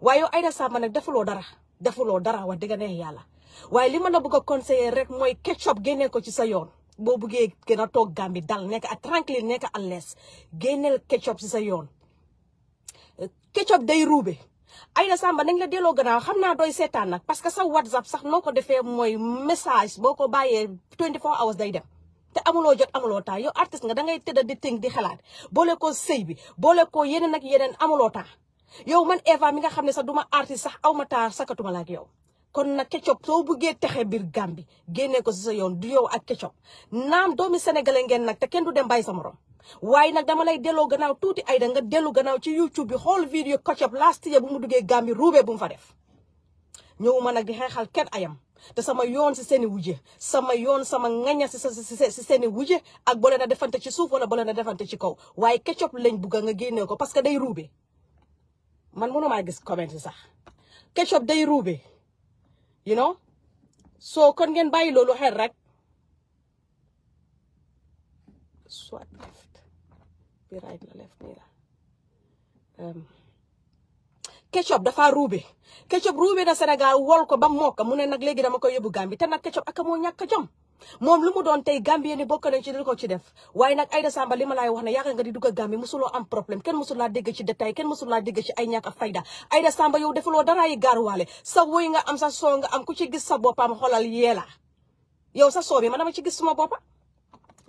waaye yow Aida Samb nag defuloo dara defuloo dara wax dëgg neex yàlla waaye li ma la bëgg a conseiller rek mooy ketchup génnee ko ci sa yoon boo buggee gën a toog Gàmbi dal nekk à tranquille nekk à l'aise génneel ketchup ci sa yoon ketchup day ruube Aida Samba nañ la delloo gannaaw xam naa doy seetaan nag parce que sa whatsapp sax noo ko defee mooy message boo ko bàyyee 24 hours day dem te amuloo jot amuloo temps yow artiste nga da ngay tëdd di tënk di xalaat boole ko sëy bi boole ko yeneen ak yeneen amuloo temps yow man Eva mi nga xam ne sa du ma artiste sax aw ma taar sakatuma la yow kon nag Ketchup soo buggee texe biir Gàmbi génnee ko si sa yoon du yow ak Ketchup naam doomi sénégalais ngeen nag te kenn du dem bàyyi sa morom waaye nag dama lay delloo gannaaw tuuti Aida nga dellu gannaaw ci YouTube bi xool vidéo Ketchup last year bu mu duggee Gàmbi ruubee bu mu fa def ñëwuma nag di xeexal kenn ayam te sama yoon si seen i sama yoon sama ngaña si si seen i wujje ak boo leen a defante ci suuf wala boo leen a defante ci kaw waaye Ketchup lañ bugg nga génnee ko parce que day ruubee man mënumaa gis comment yi sax ketchup day ruube you know so kon ngeen bàyyi loolu xel rek left bi right la left nii la um, ketchup dafa ruube ketchup ruube na Sénégal wol ko ba mokk mu ne nag léegi dama koy yóbbu Gambie te nag ketchup ak moo ñàkk jom moom lu mu doon tey Gambie ni bokk nañ ci li ko ci def waaye nag Aida Samba li ma laay wax ne yaakaar nga di dugg a Gambie mosuloo am problème kenn mosul laa dégg ci détail kenn mosul laa dégg ci ay ñàkk a fayda yow defuloo dara yi gaaruwaale sa woy nga am sa soo nga am ku ci gis sa boppam xolal yeela yow sa soo bi ma dama ci gis suma boppa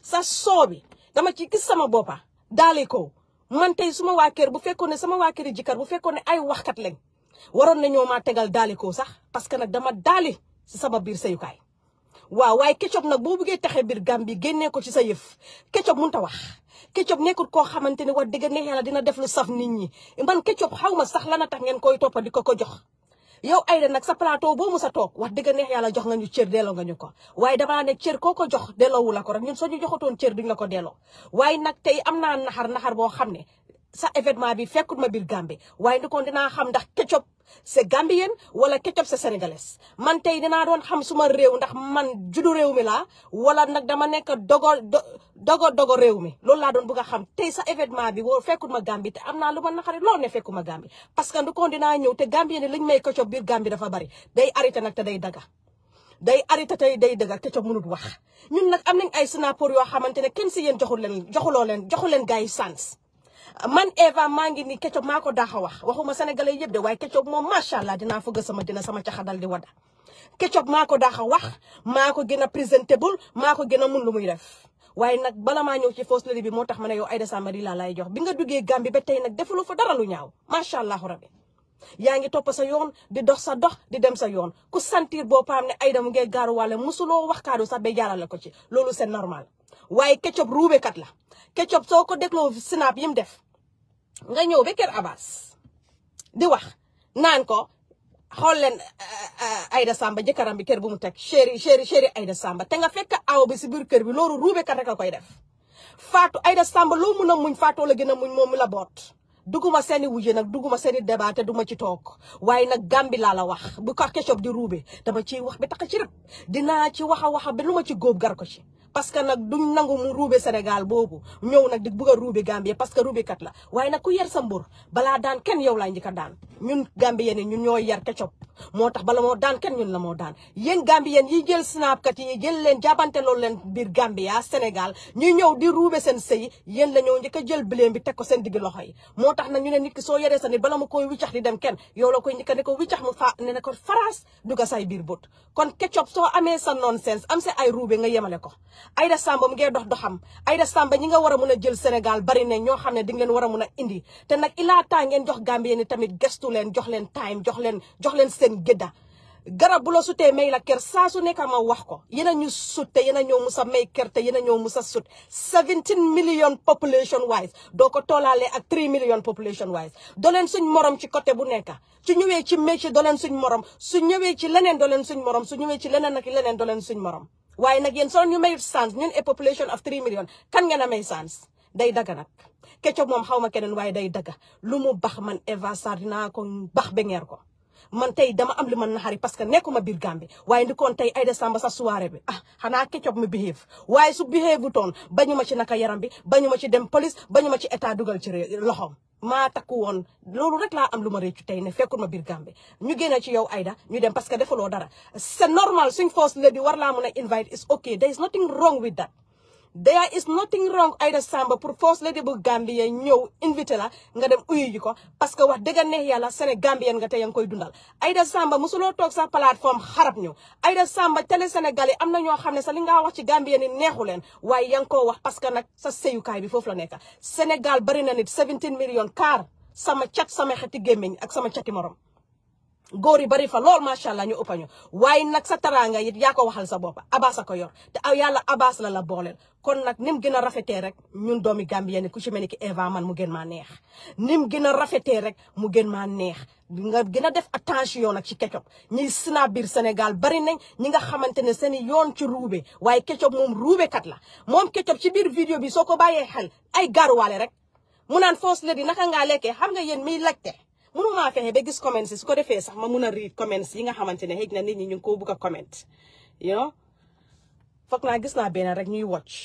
sa soo bi dama ci gis sama boppa daali ko man tey suma waa bu fekkoon ne sama waa kër jikar bu fekkoon ne ay waxkat lañ waroon na ñoo maa tegal daali ko sax parce que nag dama daali si sama biir sayukaay waaw waaye Ketchup nag boo buggee taxe biir Gambie génnee ko ci sa yëf Ketchup mënut a wax Ketchup nekkul koo xamante ne wax dëgg ne yàlla dina def lu saf nit ñi man Ketchup xaw ma sax lan a tax ngeen koy toppa di ko ko jox yow Aida nag sa plateau boo sa toog wax dëgg neex yàlla jox nga ñu cër delloo nga ñu ko waaye dama ne cër koo ko jox delloowu la ko rek ñun soo ñu joxatoon cër duñ la ko delloo waaye nag tey am naa naxar naxar boo xam ne sa événement bi fekkut ma biir Gambie waaye ni kon dinaa xam ndax Ketchup c'est gambienne wala ketchup c'est sénégalaise man tey dinaa doon xam suma réew ndax man judu réew mi laa wala nag dama nekk dogo dogo dogo réew mi loolu laa doon bëgg xam tey sa événement bi woo fekkut ma Gambie te am naa lu ma naqari loolu ne fekkut ma Gambie parce que ndu kon dinaa ñëw te Gambien ne lañ may ketchup biir Gambie dafa bari day arrêté nag te day daga day arrêté tey day dëgg ak ketchup mënut wax ñun nag am nañ ay sénateur yoo xamante ne kenn si yéen joxul leen joxuloo leen joxu leen gars yi sans man Eva mangi ni Ketchup mako ko daax wax waxuma senegalay yeb de way Ketchup mom machallah dina dinaa fëgg sama dina sama dal di wada Ketchup mako ko daax wax mako gëna presentable mako gëna mun lu muy def waye nak bala ma ñew ci fausse lari bi motax mané yow Aïda samari la lay jox bi nga duggé gambi ba tay nak defulu fa dara lu ñaaw machallah rabbi yaa ngi topp sa yoon di dox sa dox di dem sa yoon ku sentir boo paam ne Aïda mu garu gaaruwaale musulo wax kaadu sax ba jaarale ko ci lolu c'est normal waaye Ketchup kat la Ketchup soo ko dégloo snap yi mu def nga ñëw ba ker Abbas di wax naan ko xool leen eh, eh, Aïda Samba jëkkëram bi kër bu mu teg chéri chéri chéri Aïda Samba te nga fekk aw bi si biir kër bi loolu ruubekat rek a koy def Fatou Aïda Samba loo mun a muñ Fatou la gën a muñ moom la boot duguma seeni wujje nag duguma seeni débat te duma ci toog waaye nag gambi laa la wax bu ka Ketchup di ruube dama ciy wax bi tax ci dinaa ci wax a wax lu ma ci góob gar ko ci parce que nag duñ nangu mu ruube Sénégal boobu ñëw nag di bëgg a ruube Gambie parce que ruubekat la waaye nag ku yar sa mbër balaa daan kenn yow laa njëkk daan ñun Gambien yi ñun ñoo yar kecop moo tax bala moo daan kenn ñun la moo daan yéen Gambien yi jël snapkat yi jël leen jàppante loolu leen biir yaa Sénégal ñuy ñëw di ruube seen sëy yéen la ñoo njëkk a jël bileem bi teg ko seen digg loxo yi moo tax nag ñu ne nit ki soo yaree sa nit bala mu koy di dem kenn yow la koy ko wiccax mu fa ne ne ko faraas du ko say biir bët kon kecop soo amee sa nonsense am sa ay ruube nga yemale ko Aïda Samba mu ngee dox doxam Aïda Samba ñi nga war a mun a jël Sénégal bari ne ñoo xam ne di ngeen war a mun a indi te nag il a temps ngeen jox ni tamit gestu leen jox leen time jox leen jox leen seen gëdda garab bu la sutee may la ker saa su nekk ma wax ko yéen a ñu sut te yéen a ñoo mus a may ker te yéen a ñoo mus a sut 17 million population wise doo ko toolaalee ak 3 million population wise. doo leen suñ morom ci côté bu nekk su ñëwee ci métier doo leen suñ morom su ñëwee ci leneen doo leen su ñëwee ci leneen ak leneen doo leen suñ morom. waaye nag yéen soo ñu mayut chance ñun e eh, population of 3 million kan ngeen may chance day daga nag kecoog moom xaw ma keneen waaye day daga lu mu bax man Eva Sarr dinaa ko bax ba ngeer ko man tey dama am man ma naxari parce que nekkuma biir Gambie waaye ndikoon tey Aida Samba sa soirée bi ah xanaa Ketchup mi behave waaye su behave wutoon bañu ma ci naka yaram bi bañu ma ci dem police bañu ma ci état dugal ci loxoom maa takku woon loolu rek laa am lu ma réccu tey ne fekkul ma biir Gambie ñu génne ci yow Aida ñu dem parce que defaloo dara c'est normal su force la di war laa mën a invite is okay there is nothing wrong with that there is nothing wrong Ida Samba pour force lady bu Gambia ñëw invité la nga dem uyu ji ko parce que wax dëgg neex yàlla Séné Gambien nga te yaa dundal Samba mosuloo toog sa plateforme xarab new. Ida Samba télé Sénégal amna am ñoo xam ne sa li nga wax ci Gambien ni neexu leen waaye na wax parce que nag sa sëyukaay bi foofu la nekk Sénégal bari na nit 17 millions car sama cat sama xeti gémmiñ ak sama cati morom góor yi bari fa lool macha allah ñu ëpp ñu waaye nag sa taraanga it yaa ko waxal sa bopp Abass a ko yor te yàlla Abass la la booleel kon nag ni mu gën a rafetee rek ñun doomi Gambien ku ci mel ni ki Eva man mu gën ma neex ni mu gën rafetee rek mu gën maa neex nga gën a def yoon nag ci ketchup ñiy snap biir Sénégal bari nañ ñi nga xamante ne seen yoon ci ruube waaye ketchup moom ruubekat la moom ketchup ci biir vidéo bi soo ko bàyyee xel ay garuwaale rek mu naan foos la di naka ngaa lekkee xam nga yéen miy lekte mënuma fexe ba gis comments yi su ko defee sax ma mun a read comments yi nga xamante ne xëy na ñu ko bëgg a comment you know foog naa gis naa benn rek ñuy watch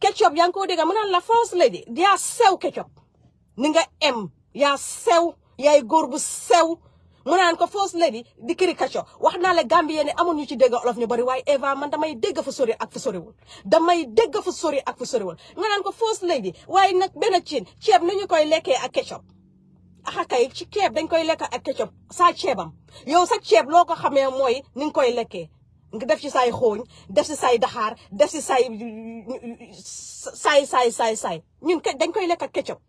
ketchup yaa ngi ko dégg mu la first lady yaa sew ketchup ni nga em sew yaay góor bu sew mu naan ko first lady di kiri kacco wax naa la Gambie ne amoon ñu ci dégg olof ñu bari waaye Eva man damay dégg fu sori ak fu soriwul damay dégg fu sori ak fu soriwul nga naan ko first lady waaye nag benn cin ceeb ni ñu koy lekkee ak ketchup axakay ci ceeb dañ koy lekk ak ketchup saa ceebam yow sa ceeb loo ko xamee mooy ni nga koy lekkee nga def ci saay xooñ def ci saay daxaar def ci saay saay saay saay saay ñun dañ koy lekk ak ketchup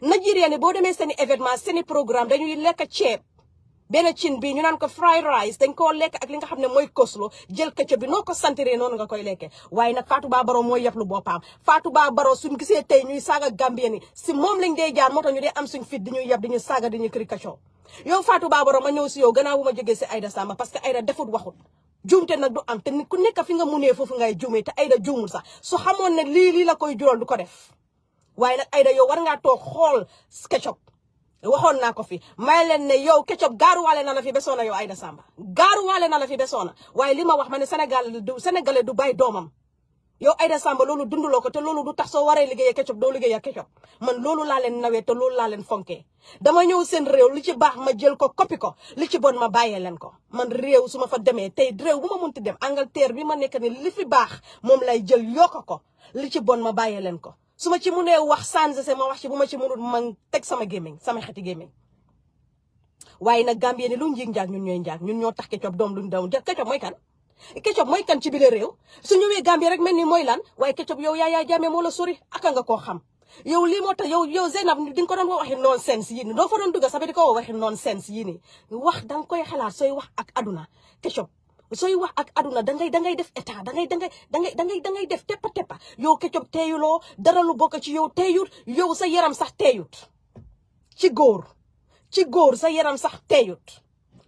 Nigérian yi boo demee seen i événement seen programme dañuy lekk ceeb benn cin bi ñu naan ko fried rice dañ koo lekk ak li nga xam mooy koslo jël këcco bi noo ko santiree noonu nga koy lekkee waaye nag Fatou Ba Barrow mooy yablu boppam Fatou Ba Barrow suñ gisee tey ñuy saaga Gambien ni si moom lañ dee jaar moo tax ñu dee am suñ fit di ñuy yab di ñuy saaga di ñuy kiri këccoo yow Fatou Ba ma ñëw si yow gannaaw bu ma jógee si Aida Samba parce que Aida defut waxut juumte nag du am te ku nekk fi nga munee foofu ngay juumee te Aida juumul sax su xamoon ne lii lii la koy jural du ko def waaye nag Aida yow war ngaa toog xool SketchUp waxoon naa ko fi may leen ne yow Ketchup gaaruwaale na la fi besoona yow Aïda Samba gaaruwaale na la fi besoona waaye li ma wax ma ne Sénégal du sénégalais du bàyyi doomam yow Aïda Samba loolu dunduloo ko te loolu du tax soo waree liggéeyee Ketchup doo liggéeyee Ketchup man loolu laa leen nawee te loolu laa leen fonkee dama ñëw seen réew li ci baax ma jël ko coppi ko li ci bon ma bàyyee leen ko man réew su ma fa demee tey réew bu ma munti dem Angleterre bi ma nekk ni li fi baax moom lay jël yokk ko li ci bon ma bàyyee ko su ma ci mënee wax sànse ma wax ci bu ma ci mënul man teg sama gémmiñ sama xeeti gémmiñ waaye na Gambie ni lu njiig njaag ñun ñooy njaag ñun ñoo tax Ketchup doom luñ daw Ketchup mooy kan Ketchup moy kan ci biir réew su ñëwee Gambie rek mel ni mooy lan waaye Ketchup yow yaa yaa jaamee moo la sori aka nga koo xam yow lii moo tax yow yow Zeynab di nga ko doon woo waxi nonsense yii nii doo fa doon dugg sax ba di ko woo waxi nonsense yii nii wax da nga koy xalaat sooy wax ak aduna Ketchup sooy wax ak aduna da ngay da ngay def état da ngay da ngay da ngay da ngay def teppa teppa yow kecob teeyuloo dara lu bokk ci yow teeyut yow sa yaram sax teeyut ci góor ci góor sa yaram sax teeyut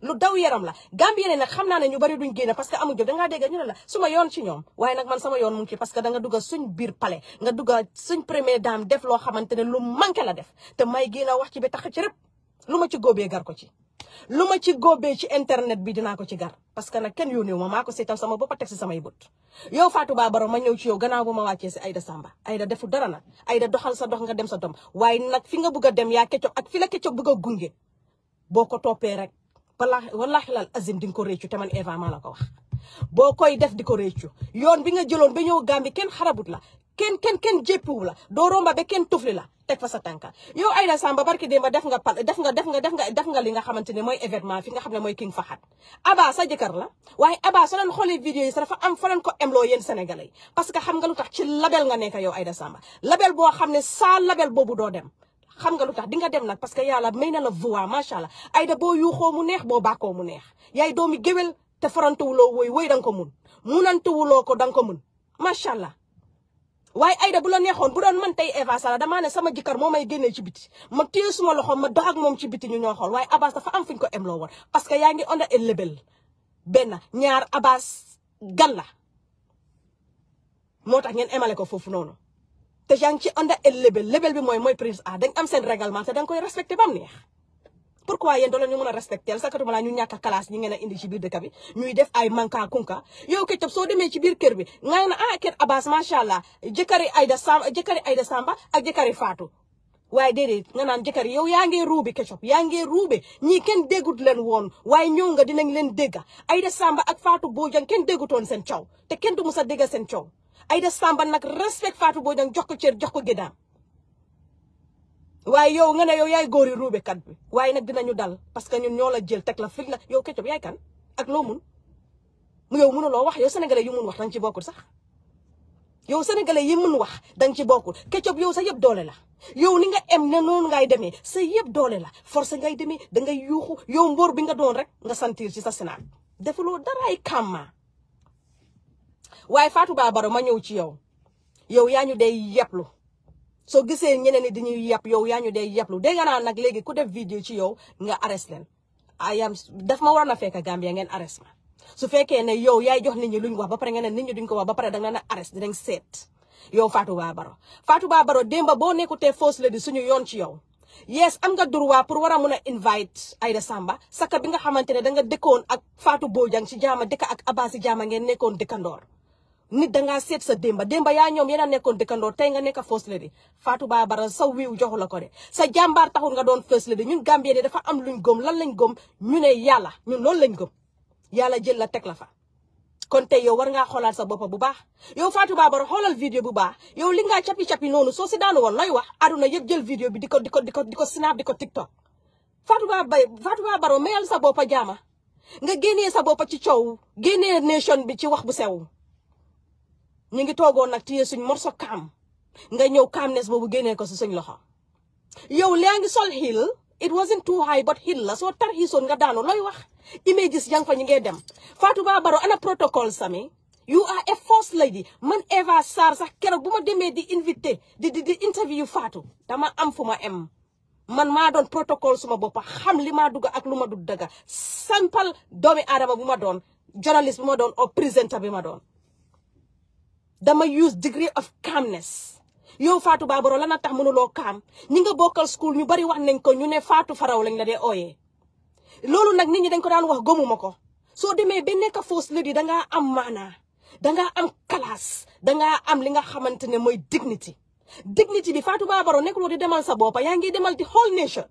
lu daw yaram la Gambie ne nag xam naa ne ñu bari duñ génn parce que amuñ jot dangaa dégg ñu ne la suma yoon ci ñoom waaye nag man sama yoon mu ci parce que danga dugga suñ biir palais nga dugga suñ première dame def loo xamante ne lu manqué la def te may génn wax ci bi tax ci rëpp lu ma ci góobee gar ko ci lu ma ci góobee ci internet bi dinaa ko ci gar parce que nag kenn yónnee ma maa ko seetal sama bopp a teg si samay bët yow Fatou Babaro ma ñëw ci yow gannaaw bu ma wàccee si Aïda Samba Aïda defu dara na nag Aïda doxal sa dox nga dem sa dom waaye nag fi nga bëgg a dem yaa kecco ak fi la kecco bëgg a gunge boo ko toppee rek balaa wallaahi lal azim di nga ko réccu te man Eva maa la ko wax. boo koy def di ko réccu yoon bi nga jëloon ba ñëw Gàmbi kenn xarabut la kenn kenn kenn jéppiwu la doo romba ba kenn tufli la teg fa sa tànka yow Aida Samba barki démba def nga pal def nga def nga def nga def nga li nga xamante ne mooy événement fi nga xam ne mooy King Fahad Aba sa jëkkër la waaye Aba soo leen xoolee vidéo yi sa dafa am fa leen ko emloo yéen sénégalais parce que xam nga lu tax ci label nga nekk yow Aida Samba label boo xam ne saa label boobu doo dem xam nga lu tax di nga dem nag parce que yàlla may na la voix macha allah Aida boo yuuxoo mu neex boo bàkkoo mu neex yaay doomi géwél te farantewuloo woy woy da ko mun munantewuloo ko da nga ko mun macha allah waaye Aïda bu la neexoon bu doon man tey Eva Sall damaa ne sama jëkkër moo may génnee ci biti ma téye suma loxo ma dox moom ci biti ñu ñoo xool waaye Abbas dafa am fu ñu ko emloo woon parce que yaa ngi onda el lebel benn ñaar Abbas gan la moo tax ngeen emale ko foofu noonu te yaa ngi ci onda el lebel bi mooy mooy prince a dañ am seen règlement te danga koy respecté bam neex pourquoi yéen doole ñu mën a respecté sakatuma laa ñu ñàkk a classe ni ngeen a indi ci biir dëkk bi ñuy def ay manka kunka yow Ketchup soo demee ci biir kër bi ngay na ah Ket Abass macha allah jëkkëri Aida Samba jëkkëri Aida Samba ak jëkkëri Fatou. waaye déedéet nga naan jëkkër yow yaa ngee ruube Ketchup yaa ngee ruube ñii kenn déggut leen woon waaye ñëw nga dinañ leen dégg Aida Samba ak Fatou Bojang kenn déggutoon seen coow te kenn du mus a dégg seen coow Aida Samba nag respect Fatou Bojang jox ko cër jox ko gëddaam waaye yow nga ne yow yaay góori ruubekat bi waaye nag dinañu dal parce que ñun ñoo la jël teg la fil na yow Ketchup yaay kan ak loo mun mu yow mënuloo wax yow sénégalais yu wax danga ci bokkul sax yow sénégalais yi mun wax danga ci bokkul Ketchup yow sa yëpp doole la yow ni nga em ne noonu ngay deme sa yëpp doole la force ngay demee dangay yuuxu yow mbóor bi nga doon rek nga sentir ci sa sénat defuloo daraay kàmma waaye Fatou Ba Baro ma ñëw ci yow yow yaa ñu day yeplu soo gisee ñeneen ñi dañuy yab yow yaa ñu dee yablu dégg naa nag léegi ku def vidéo ci yow nga arrest leen I daf ma waroon a fekk Gambia ngeen arrest ma su fekkee ne yow yaay jox nit ñi luñ wax ba pare nga ne nit ñi duñ ko wax ba pare danga na arrest dinañ seet yow Fatou Babaro Fatou Babaro démba boo nekkutee fausse la di suñu yoon ci yow. yes am nga droit pour war a mun a invite Aida Samba saka bi nga xamante ne danga dëkkoon ak Fatou Bojang ci jaama dëkk ak Abasi jaama ngeen nekkoon dëkkandoor nit dangaa seet sa démba démba yaa ñoom yen a nekkoon dëkkandoo tey nga nekk first lady Fatou Babara sa wiiw joxu la ko de sa jàmbaar taxul nga doon first lady ñun Gambie de dafa am luñ gëm lan lañ gëm ñu ne yàlla ñun loolu lañ gëm yàlla jël la teg la fa kon tey yow war ngaa xoolaat sa boppa bu baax yow Fatou bara xoolal vidéo bu baax yow li ngaa capi-capi noonu soo si daanu woon looy wax aduna yëpp jël vidéo bi di ko di ko di ko di ko snap di ko tiktok Fatou Babara Fatou Babara mayal sa boppa jaama nga génnee sa boppa ci coow génnee nation bi ci wax bu sew ñu ngi toogoon nag téye suñ morso kaam nga ñëw kaamnes boobu génnee ko si suñ loxo yow lee ngi sol hiil it wasn't too high but hiil la soo tarxiisoon nga daanu looy wax images yang fa ñu ngee dem Fatou Ba Barrow ana protocole sami you are a lady man Eva Sarr sax keroog bu ma demee di invité di di di interview faatu dama am fu ma em man maa doon protocole suma boppa xam li maa dugg ak lu ma du dëgga sampal doomi aadama bu ma doon journaliste bu ma doon o présentateur bi ma doon dama use degree of calmness yow Fatou Babaro lan la tax mënuloo calm ñi nga bokkal school ñu bari wax nañ ko ñu ne Fatou Faraw lañ la dee ooyee loolu nag nit ñi dañ ko daan wax gëmuma ko soo demee ba nekk foos la di dangaa am maanaa danga am classe dangaa am li nga xamante ne mooy dignity dignity bi Fatou Babaro nekkuloo di demal sa boppa yaa ngi demal di whole nation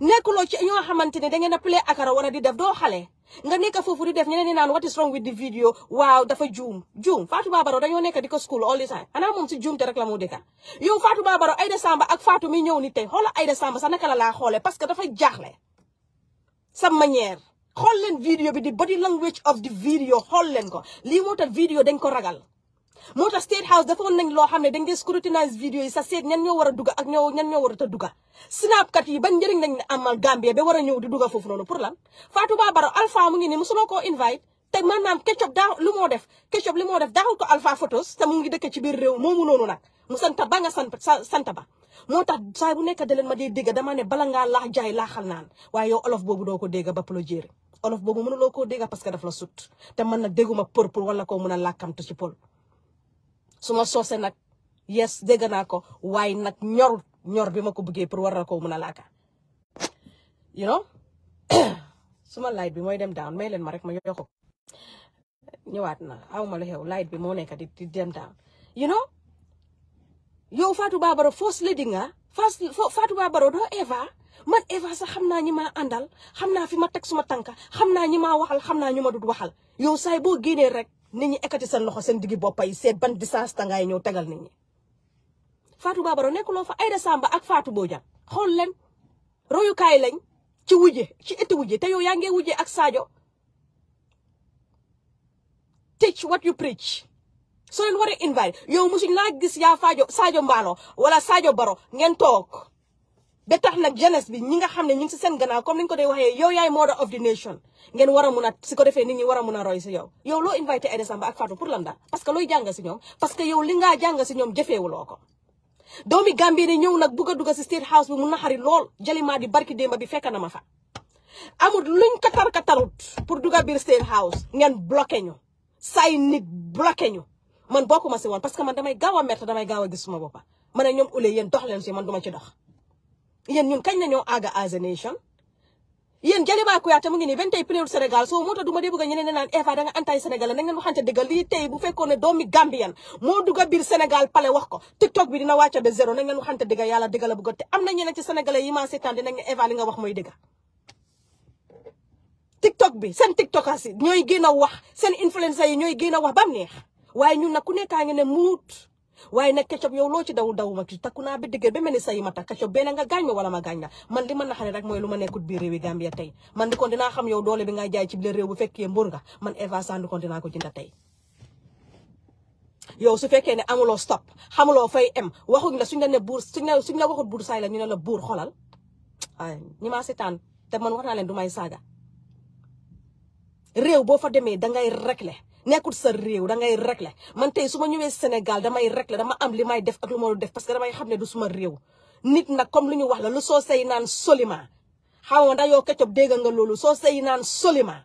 nekkuloo ci ñoo xamante ne da ngeen a play akara wala di def doo xale nga nekk foofu di def ñeneen ñi naan what is wrong with the video waaw dafa juum juum Fatou Babaro dañoo nekk di ko school all the time xanaa moom si juum te rek la moo dëkka yow Fatou Babaro Aida Samba ak Fatou mi ñëw ni tey xoola Aida Samba sax naka la laa xoolee parce que dafa jaaxle sa manière xool leen video bi di body language of the video xool leen ko lii moo tax video dañ ko ragal moo tax state house dafa woon nañ loo xam ne dañ dee scrutinise vidéo yi sa seet ñan ñoo war a ak ñoo ñan ñoo war a dugg snapkat yi ban njëriñ ba war a ñëw di dugg foofu noonu pour lan Fatou Babaro Alpha mu ngi nii mosuloo koo invite te maanaam Ketchup daa moo def Ketchup li moo ko Alpha photos te mu ngi dëkk ci biir réew moomu noonu nag mu santa ba nga sant santa ba moo tax saa bu nekk da leen ma dee dégg dama ne bala ngaa laax jaay laaxal naan waaye yow olof boobu doo ko dégg ba plo jéeri olof boobu mënuloo koo dégg parce que daf la sut te man na dégguma pour pour wala ko mën a làkkamtu ci pol suma sosé nak yes dégg ko way nak ñor ñor bima ko bëggé pour waral ko you know suma light bi moy dem down may leen ma rek ma yoxo ñëwaat na awma lu xew light bi mo nekk di dem down you know yo Fatou Babaro force leading nga Fatou Babaro do Eva man Eva sa xamna ñi ma andal xamna fi ma tek suma tanka xamna ñi ma waxal xamna ñuma dud waxal yo say bo rek nit ñi ekkati seen loxo seen diggi boppa yi seet ban distance tangaay ñëw tegal nit ñi Fatou Babaro nekkuloo fa Aïda Samba ak Fatou Bodian xool leen royukaay lañ ci wujje ci ëtt wujje te yow yaa ngee wujje ak saajo teach what you preach soo leen waree invite yow musuñ laa gis yaa Fadio Sadio Mballo wala saajo Baro ngeen toog ba tax nak jeunesse bi ñi nga xamne ñu ci seen gannaaw comme niñ ko day yow yaay mother of the nation ngeen wara mëna ci wara ko nit ñi wara mëna roy ci yow yow lo invité Aïda Samba ak Fatou pour lan da parce que loy jàng ci ñom parce que yow li nga jàng si ñoom jëfeewuloo domi si state house bu mu naxari lool jalima di barki demba bi fekk na ma fa amul luñ ka katarut pour dugg bir state house ngeen bloqué ñu say nit bloqué ñu man bokuma ci won parce que man damay gawa a damay gawa a gis suma dox leen si man duma ci dox yéen ñun kañ nañoo àgga as a nation yéen Jaliba Kuyateh mu ngi nii benn tey pléwul Sénégal soo moo tax du ma dee a naan Eva da nga antaay Sénégal na ngeen waxante dëgg lii tey bu fekkoon ne doomi Gambian moo wax ko bi dina wàcca ba zéro na ngeen waxante dëgg yàlla dëgg la bëgg te am na ñeneen ci sénégalais yi maa seetaan dinañ ne Eva li nga wax mooy dëgg TikTok bi seen tiktokers yi ñooy gën a wax seen influenceurs yi ñooy gën a wax bam neex ñun nag ku nekkaa muut waaye na Ketchup yow loo ci dawul daw ma ci takku naa ba dëgër ba mel ni sayi ma takk Ketchup benn nga gaañ ma wala ma gaañ la man li ma naxare rek mooy lu ma nekkut biir réewi tey man di kon dinaa xam yow doole bi nga jaay ci biir bu fekkee mbur nga man Eva Sandu kon dinaa ko jënda tey yow su fekkee ne amuloo stop xamuloo fay em waxuñ la suñ la ne buur suñ la suñ la waxut buur saay la ñu ne la buur xolal ay ñi maa seetaan te man wax naa leen du may saaga réew boo fa demee dangay régler nekkul sa réew da ngay régler man su ma ñëwee Sénégal damay régler dama am li may def ak lu ma def parce que damay xam ne du suma réew. nit nag comme lu ñu wax la lu soo say naan solima xaw ma ndax yow Ketchup dégg nga loolu soo say naan solima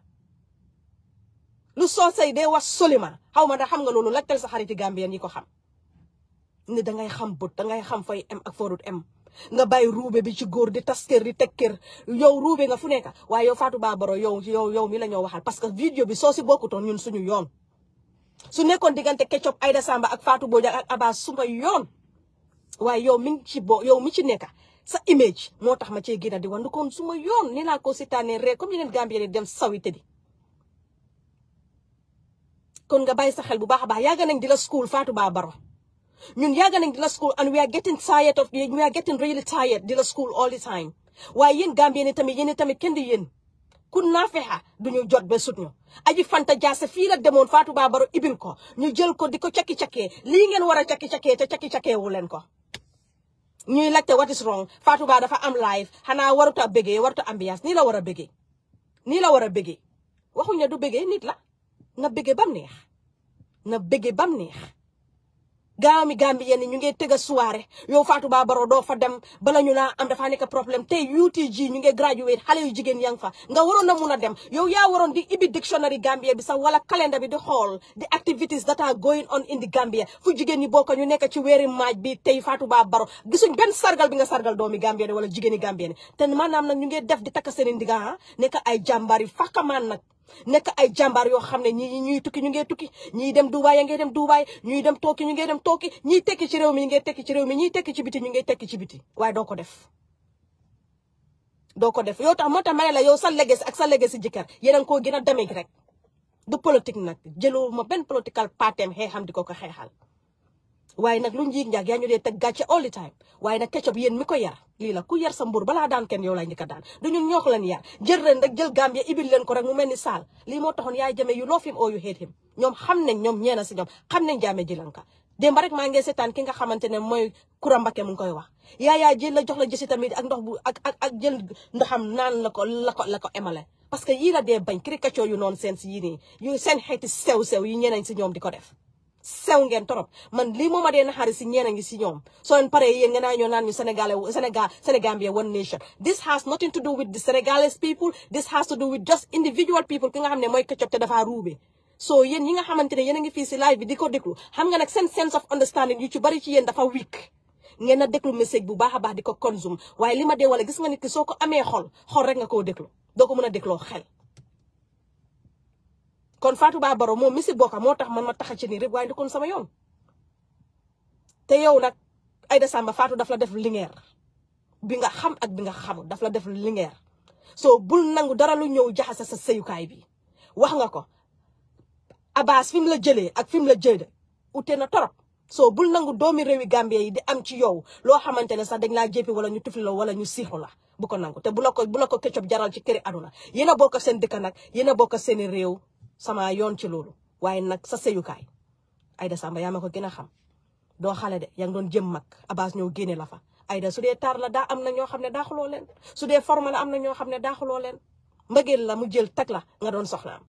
lu soo say dee wax solima xaw ma da xam nga loolu laajteel sa xariti Gambien yi ko xam. ni da ngay xam bët da ngay xam fay em ak foorut em. nga bàyyi ruube bi ci góor di tas kër di teg kër yow ruube nga fu nekk waaye yow Fatou Babaro yow yow yow mi la ñoo waxal parce que vidéo bi soo si bokkutoon ñun suñu yoon. su nekkoon diggante Ketchup Aïda Samba ak Fatou Bojang ak Abbas suma yoon waaye yow mi ngi ci bo yow mi ci nekk sa image moo tax ma cee génn di wan kon suma yoon ni laa si sitaanee rek comme yeneen Gambien di sawite di nga bàyyi sa xel bu baax a baax yàgg nañ di la school Fatou baro ñun yàgg nañ school and we are getting tired of we are getting really tired di la school all the time waaye yéen Gambien yi tamit yéen tamit kenn di yéen ku naa fexa du ñu jot ba sut ñu aji fanta jaase fii la demoon Fatou Babaro ibil ko ñu jël ko di ko cakki cakkee lii ngeen war a cakki cakkee te cakki cakkee wu leen ko ñuy laajte what is wrong Fatou Ba dafa am live xanaa waruta bégee waruta ambiance nii la war a bégee nii la war a bégee waxuñ ne du bégee nit la na bégee bam neex na bégee bam neex gaami gaambi yenn ñu ngi tëgg a soirée yow Fatou Ba Baro doo fa dem bala ñu naa am dafaa nekk problème tey UTG ñu ngi graduate xale yu jigéen yaa ngi fa nga waroon na mun a dem yow yaa waroon di ibi dictionary Gambia bi sax wala calendar bi di xool di activities that are going on in the Gambia fu jigéen ñi bokk ñu nekk ci weeri maaj bi tey Fatou Ba Baro gisuñ ben sargal bi nga sargal doomi Gambien wala jigéeni Gambien te maanaam nag ñu ngee def di takk seen ndiga ah nekk ay jàmbaar yi fàqamaan nag. nekk ay jàmbaar yoo xam ne ñii ñuy tukki ñu ngi tukki ñii dem Dubaay ya ngi dem Dubaay ñuy dem Tokyo ñu ngi dem tooki ñiy tekki ci réew mi ñu ngay tekki ci réew mi ñiy tekki ci biti ñu ngay tekki ci biti waaye doo ko def doo ko def yow tax moo tax ma ne la yow sa legacy ak sa legacy jikkar yeneen koo gën a demee rek du politique nag jëloo ma benn political partem xeexam di ko ko xeexal waaye nag lu njiig njaag yaa ñu dee teg gàcce all the time waaye mi ko yar lii la ku yar sa mbur balaa daan kenn yow lay njëkka daan du ñun ñoo ko leen jël leen rek jël gaam ya leen ko rek mu mel ni saal li moo taxoon yaay jame yu loof him oo yu xeet him ñoom xam nañ ñoom ñeena si ñoom xam nañ jaame jilanka démb rek maa ngi seetaan ki nga xamante ne mooy Coura Mbacké mu ngi koy wax yaayaa jël la jox la jësi tamit ak ndox bu ak ak ak jël ndoxam naan la ko la ko la ko emale parce que yii la dee bañ caricature yu noonu seen si yii nii yu seen xeeti sew-sew yi ñeneen si ñoom di ko def sew ngeen torop man lii mooma na naxari si ñeneen ngi si ñoom soo leen paree yéen naa ñoo naan ñu Sénégal Sénégal Sénégambia one nation this has nothing to do with people this has to do with just individual people ki nga xam ne mooy këccëg te dafaa ruube soo yéen ñi nga xamante ne yéen a ngi fii si live bi di ko déglu xam nga nag seen sense of understanding yu ci bari ci yéen dafa weak ngeen a déglu message bu baax a baax di ko consume waaye li ma dee wala gis nga nit ki soo ko amee xol xol rek nga koo déglu doo ko mën a dégloo xel kon Fatou Ba Baro moom mi si bokka moo tax man ma tax a ci nii rek waaye ndi kon sama yoon te yow nag Aida Samba Fatou daf la def lingeer bi nga xam ak bi nga xamul daf la def lingeer soo bul nangu dara lu ñëw jaxase sa sëyukaay bi wax nga ko Abbas fi mu la jëlee ak fi mu la jëlee ute na torop soo bul nangu doomi réewi Gambie yi di am ci yow loo xamante ne sax dañ laa jéppi wala ñu tufli la wala ñu siixu la bu ko nangu te bu la bu la ko këccëb jaral ci këri aduna yéen a bokk seen dëkk nag yéen a bokk seeni réew sama yoon ci loolu waaye nag sa seyukaay Aida Samba yaa ma ko gën a xam doo xale de yaa ngi doon jëm mag Abbas ñëw génne la fa Aida su dee taar la daa am na ñoo xam ne daaxuloo leen su dee forme la am na ñoo xam ne daaxuloo leen mbëggeel la mu jël tag la nga doon soxnaam